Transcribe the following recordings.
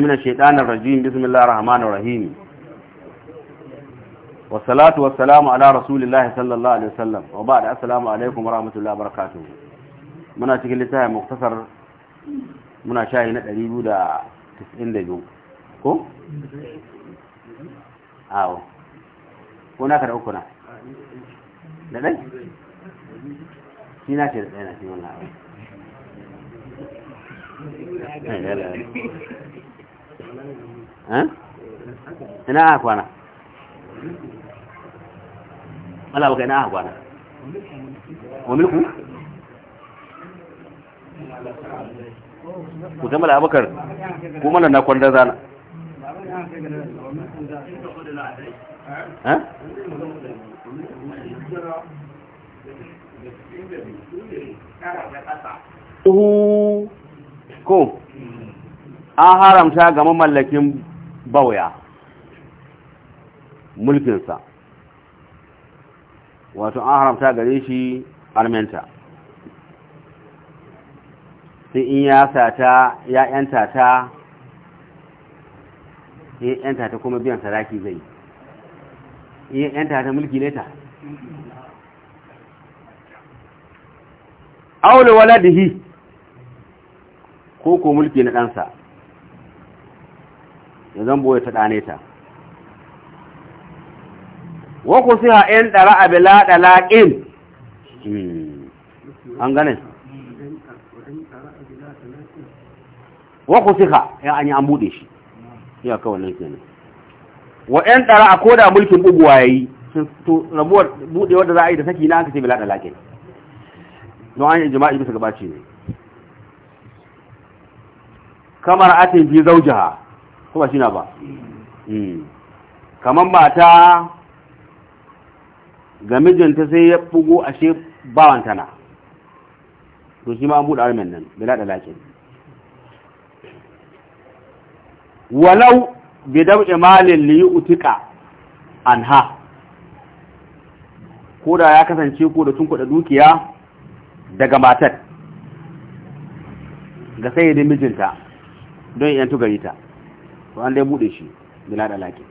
من الشيطان الرجيم بسم الله الرحمن الرحيم والصلاة والسلام على رسول الله صلى الله عليه وسلم وبعد السلام عليكم ورحمة الله وبركاته من أشكل لتها مختصر من أشاهنة أليب دا تسعين دجو كم؟ آو هناك رأوكنا لدي؟ هناك رأينا في والله Eh? ina aka kwana Allah baka ina aka kwana ku zama da abakar ko mana na kwandar zana eh? ko an haramta ga mamallakin bauya mulkinsa wato an haramta gare shi armenta sai in ya sata ya yanta ta ya yanta ta kuma biyan sadaki zai ya yanta ta mulki ne ta aule waladihi ko ko mulki na ɗansa ya zan boye ta ɗane ta Waku su ha ɗara a bila laƙin hmm. an gane Waku su ha ya an yi an buɗe shi ya kawai nan kenan wa yan ɗara a koda mulkin buguwa ya yi rabuwar buɗewar da za a yi da saki na aka ce bila laƙin don an yi jima'i bisa gabaci ne kamar atin fi zaujaha ko ba shi ba hmm. kamar mata ga mijinta sai ya bugo ashe bawan tana to shi ma an buɗe armen nan bila da laƙin walau bai imalin liyu utika anha ko da ya kasance ko da tun kuɗa dukiya daga matar ga sai da mijinta don yantu gari ta to an dai bude shi bila da laki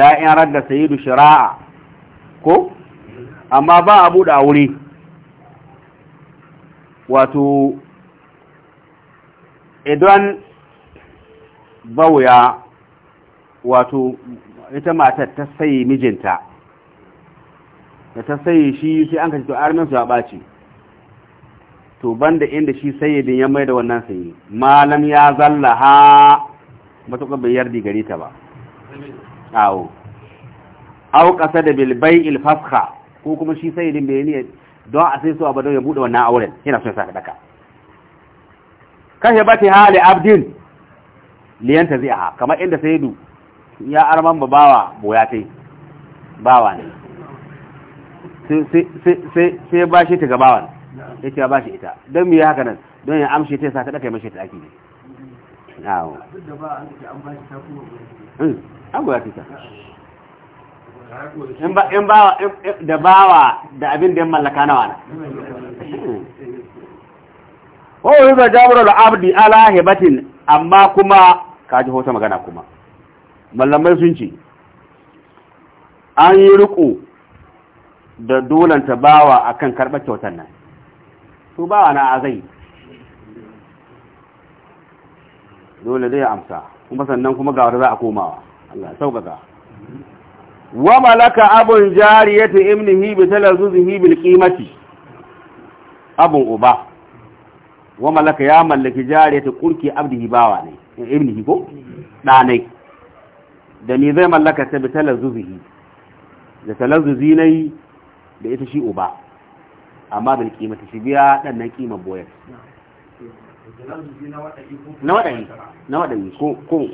la in radda sayyidu shira'a ko amma ba a bude a wuri wato idan bauya wato ita matar ta sayi mijinta da ta sayi shi sai an kaci to armin ya ɓaci to banda inda shi sayyidin ya mai da wannan sayi malam ya zalla ha matuƙa bai yardi gari ta ba awo au kasa da bilbai ilfaska ko kuma shi sayyidin bai ne don a sai so a bada ya buɗe wannan auren yana son sa daka kashe bati ha li abdin liyanta zai ha kamar inda sayyidu ya arman ba bawa boya tai bawa ne sai ba shi ta gabawan ya ce ba shi ita don mu yi haka nan don ya amshe ta sa ta ɗaka mashi ta ake ne hmm. an ta in bawa da bawa da abin da ya mallaka nawa na hmm. wa yuza jabru abdi ala hibatin amma kuma kaji hoto magana kuma mallamai sun ce an yi riko da dolanta bawa akan karɓar kyautar nan su ba wa na zai. dole zai amsa kuma sannan kuma gawar za a komawa Allah sauƙaƙa wa malaka abun jariyatu ibnihi bi talazzuzihi bil qimati abun uba wa malaka ya mallaki jariyatu qurki abdihi bawa ne ibnihi ko Ɗanai. da ni zai mallaka ta bi talazzuzihi da talazzuzi ne da ita shi uba amma bin kima shi biya ɗan nan kima boyar na waɗanyi na waɗanyi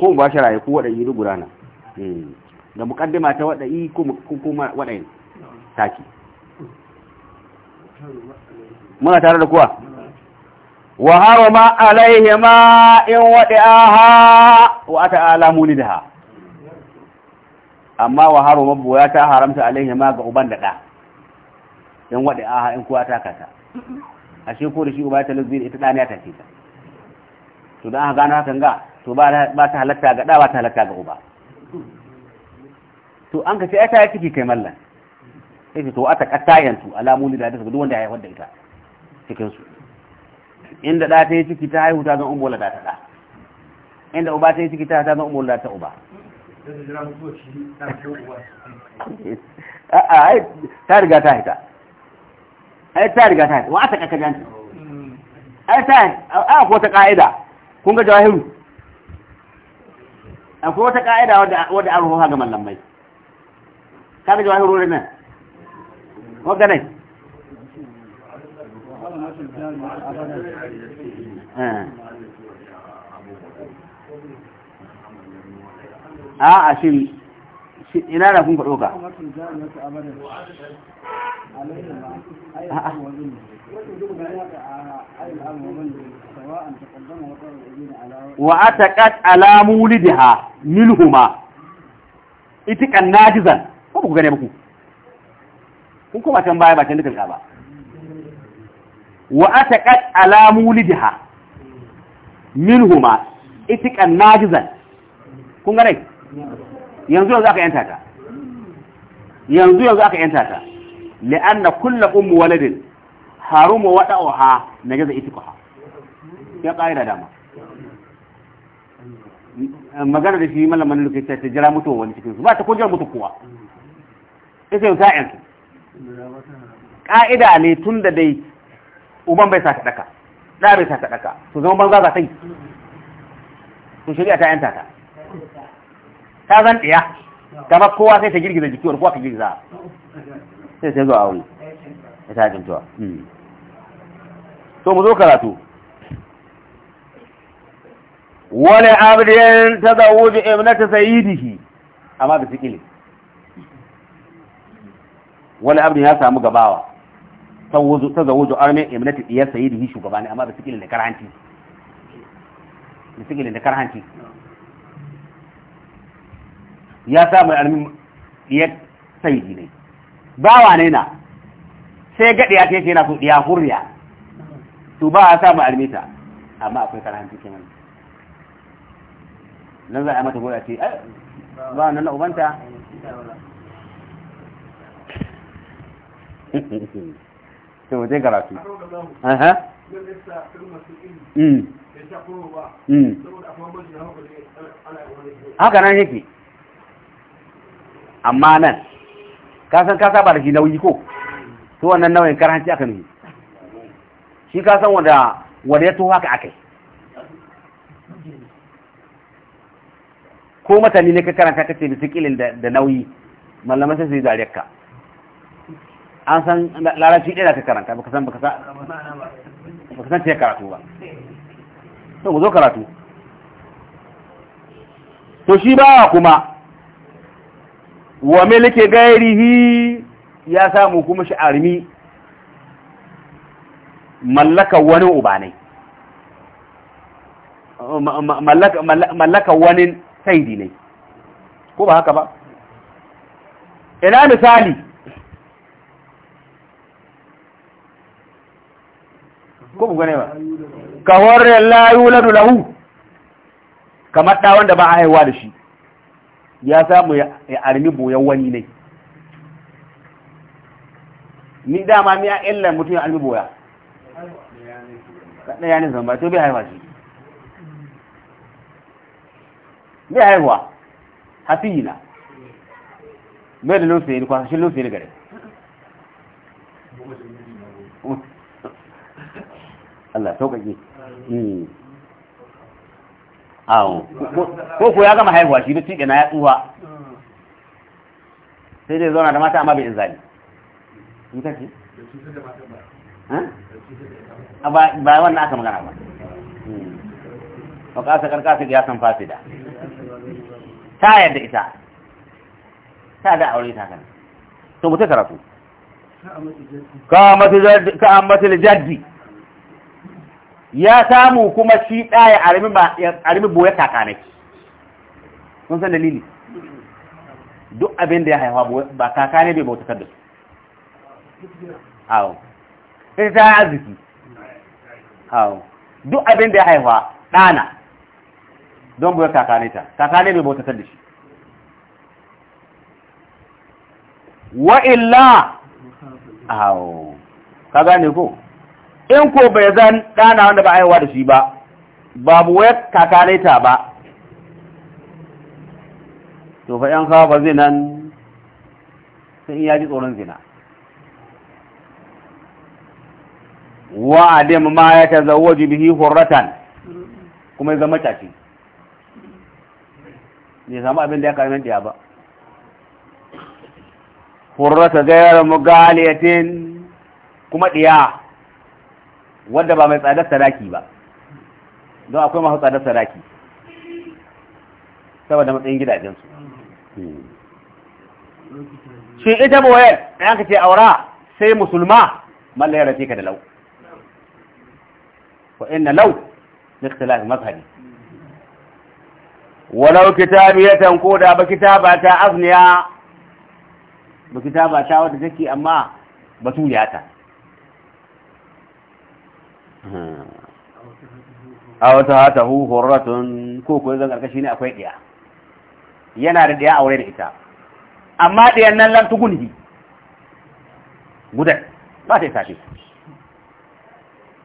ko ba shi raye ko waɗanyi duk gudana hmm. da mukaddama ta waɗanyi ko kuma waɗanyi taki muna tare da kuwa wa alaihe alaihima in ha wa da ha amma wa harama boya ta haramta alaihima ga uban da da yan wada aha in kowa ta kata ashe ko da shi uba ta lazbi ita dani ta ce ta to da aka gano hakan ga to ba ba ta halatta ga da ba ta halatta ga uba to an ka ce ai ta yi ciki kai mallan sai to ata kattayantu alamuli da duk wanda ya haifar da ita cikin su inda da ta yi ciki ta haihu ta zan umbola da ta da inda uba ta yi ciki ta zan umbola da ta uba a'a ta riga ta haita ai ta riga ta wa ta kaka janta ai ta a ko ta kaida kun ga jawahiru akwai wata kaida wanda wadda an ruwa ga ka kaga jawahiru ne nan wadda ne eh. a a shi ina da kun ka ɗauka a'a wa ataqat ala mulidiha minhuma itikan najizan ko ku gane muku kun kuma can baya ba can duka ba wa ataqat ala mulidiha minhuma itikan najizan kun gane yanzu yanzu aka yanta ta yanzu yanzu aka yanta ta li'anna kullu ummu waladin harumu wada'uha najaza itqaha ya qaida dama magana da shi malamin lokaci ta jira mutuwa wani cikin su ba ta ko jira mutu kowa ita yau ta'in su ƙa'ida ne tun da dai uban bai sa ta daka da bai sa ta daka to zama banza za ta yi to shari'a ta yanta ta ta zan ɗaya kamar kowa sai ta girgiza jiki kowa ka girgiza sai sai zuwa aure ya ta tuwa hmm. to mu zo karatu wani abdiyan ta zawuji ibnata sayyidihi amma da sikili wani abdi ya samu gabawa ta zawuji arme ibnata iya sayyidihi ne amma da sikili da karhanci da da karhanci ya samu almin iya sayyidi ne ba ne na sai gaɗe ya ce yana so ɗiya hurriya to ba a samu almita amma akwai karahan cikin wani nan za a yi mata gura ce eh, ba nan na ubanta to wajen su mm. mm. haka nan yake amma nan ka san ka saba da shi nauyi ko to wannan nauyin karanci aka ne shi ka san wanda wanda ya tuwa ka akai ko matani ne ka karanta ka ce bisa kilin da nauyi mallaman sai su yi zariyar ka an san larabci ɗaya ka karanta baka san baka san ce karatu ba to mu zo karatu to shi ba kuma wa milki gairihi ya samu kuma shi armi mallaka wani ubanai mallaka wani saidi ne ko ba haka ba ina misali ko bu gane ba ka horar layu ladu lahu kamar ɗawan da ba a haihuwa da shi ya samu ya armi boyan wani ne ni dama ni a illa mutum ya armi boya kaɗa ya zama ba to bai haifa shi bai hafi yi na mai da lusi ni kwasashin lusi ne gare Allah sauƙaƙe hmm. awo ko ko ya gama haihuwa shi duk na ya tsuwa sai dai zauna da mata amma bai zali in ba ba wannan aka magana ba hmm. wa kasa karkasa ya san fasida ta yadda ita ta da aure ta kan to mutai karatu ka amma amati jaddi ya samu kuma shi ɗaya arimi boye kakanai sun san dalili duk abin da ya haifa ba kakane bai bauta da su hau sai ta arziki hau duk abin da ya haifa ɗana don boye kakanai ta kakanai bai bauta da shi wa'illa hau ka gane ko in ko bai zan ɗana wanda ba aiwa da shi ba babu wayar kakanaita ba to fa yan kawo ba zinan sun iya ji tsoron zina wa'adin ma ya ta zawo bihi hurratan kuma ya zama tashi ne samu abin da ya karimin ɗiya ba hurrata gairar mugaliyatin kuma ɗiya wadda ba mai tsadar sadaki ba don akwai masu tsadar sadaki saboda matsayin gidajensu shi ita boyar ya ka ce aura sai musulma malla ya ka da lau wa inna lau na ikhtilaf mazhabi walau kitabiyatan ko da ba kitaba ta azniya ba kitaba ta wata take amma baturiya ta a wata hata hu horatun ko ko zan karkashi ne akwai diya yana da diya aure da ita amma diyan nan lan gunhi gudan ba ta sace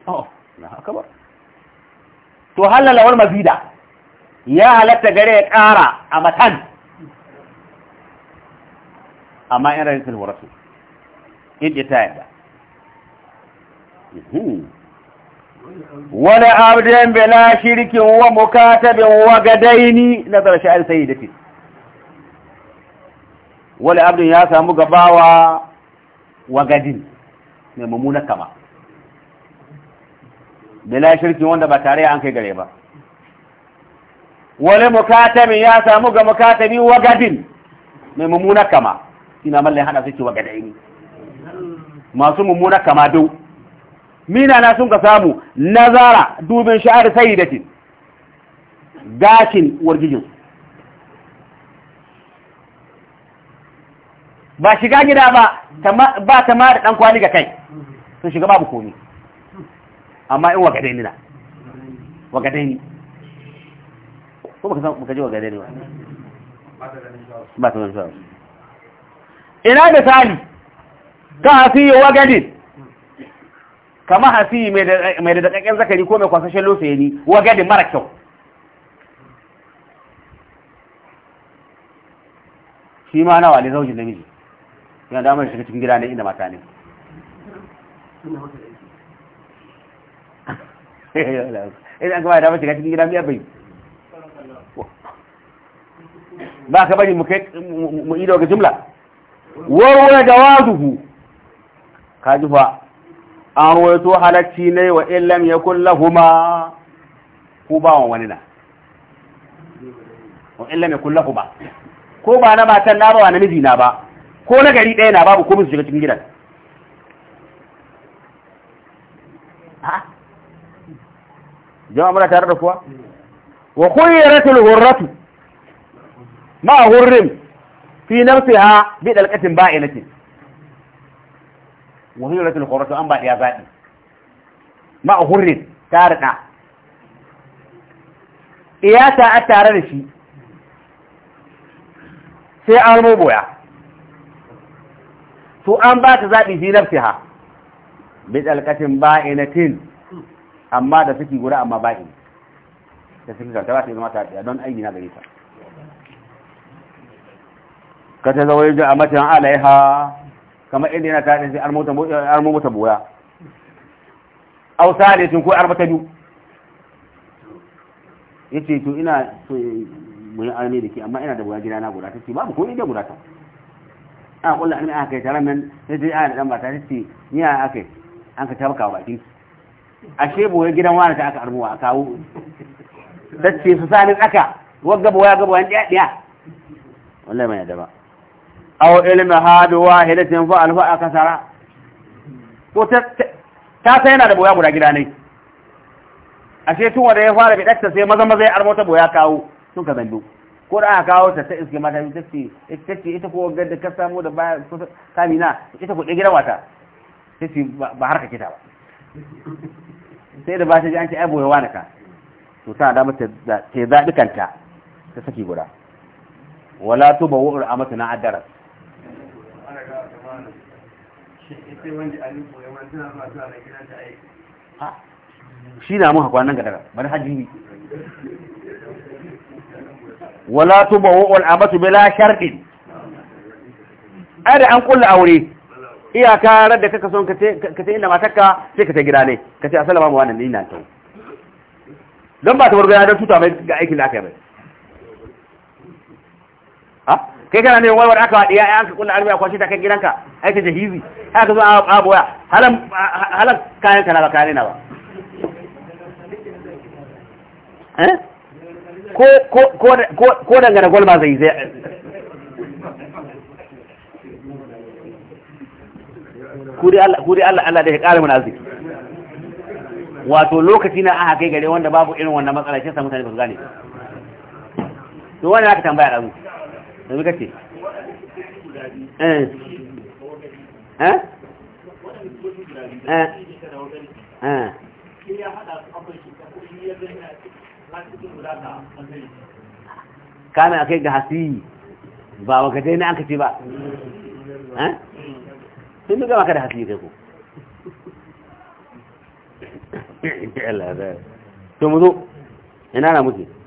oh na haka ba to halala wal mazida ya halatta gare ya ƙara a matan amma in rarrakin warasu in ta yadda mhm. wani abdan bela shirkin wa mukatabin wa gadaini nazar sha'ar sayyidati wani abdan ya samu gabawa wa gadin mai mummuna kama bela shirkin wanda ba tare an kai gare ba wani mukatabin ya samu ga mukatabi wa gadin mai mummuna kama ina mallin hana suke wa gadaini masu mummuna kama duk mina na sun ka samu nazara dubin sha'ar da sayyidatin gashin wargijin ba shiga gida ba ba ta ma da dan kwali ga kai sun shiga babu komi amma in wagadai ni na wagadai ni ko baka san baka ji wagadai ni ba ba ta ganin shawar ina da sali ka hasi wagadin kama hasi mai da dakakken zakari ko mai kwasashen lofe ne wa gadi mara kyau shi ma nawa ne zaujin namiji yana damar shiga cikin gida ne inda mata ne ina an gaba da damar shiga cikin gida miyar bai ba ka bari mu ido ga jimla warware da wazuhu ka ji fa an rawaito halacci ne wa illam ya kulla huma ko ba wani na wa illam ya kulla huma ko ba na matan na ba wa namiji na ba ko na gari ɗaya na babu ko musu shiga cikin gidan jama'a muna tare da kuwa wa khuyyaratul hurratu ma hurrim fi nafsiha bi dalqatin ba'inatin wa hujratul qurratu an ba ya zaɗi ma a hurrin ta rida iyata a tare da shi sai an boya to an ba ta zaɓi fi nafsiha bi tsalkatin ba'inatin amma da suke guda amma ba'in da suke karta ba ta yi tafiya don aiki na gare ta ka ta zaune ji a matan alaiha kamar inda yana tare da an mota boya au salisin ko arba ta biyu yace to ina so mu arme da ke amma ina da boya gida na guda ta ce babu ko inda guda ta a kula arme aka yi taron nan sai dai ana da dan mata ce ni a aka yi an ka tabaka bakin ashe boye gidan wani ta aka armuwa a kawo dace su sani tsaka wagga boya gaba wani ɗaya ɗaya wallahi mai da ba aw ilmaha bi wahidatin fa alfa akasara ko ta ta yana da boya guda gida ne ashe tun ya fara bi dakta sai maza maza ya armota boya kawo sun ka zando ko da aka kawo ta ta iske mata ta ita ko gadda ka samu da ita ko gidan wata ta ce ba harka kita ba sai da ba an ce ai boye wani ka da mata ta zaɓi kanta ta saki guda wala tuba wa'ur amatu na addaras shi na muka kwanan gada daga bari hajji wala wa al'amatu bila sharɗin ai da an kulla aure iyaka rar da kaka son ka ta inda matakka sai ka ta gida ne ka ce a salama ma wannan nina ta don ba ta wargana don tuta mai ga aikin lafiya bai. kai kana ne warwar aka wa ya an ka kunna armiya kwashi ta kai gidanka ai ta jahizi ai ka zo a boya halan halan kayan kana ba kayan nina ba eh ko ko ko ko dangana gol ba zai zai kuri Allah kuri Allah Allah da ya kare mun arziki wato lokaci na aka kai gare wanda babu irin wannan matsala shi sa mutane ba su gane to wani aka tambaya da yanzu kace eh. eh? eh. kana kai ga hasi ba wa kaje na aka ce ba eh sun ga ka da hasi kai ko Allah to mu zo ina na muke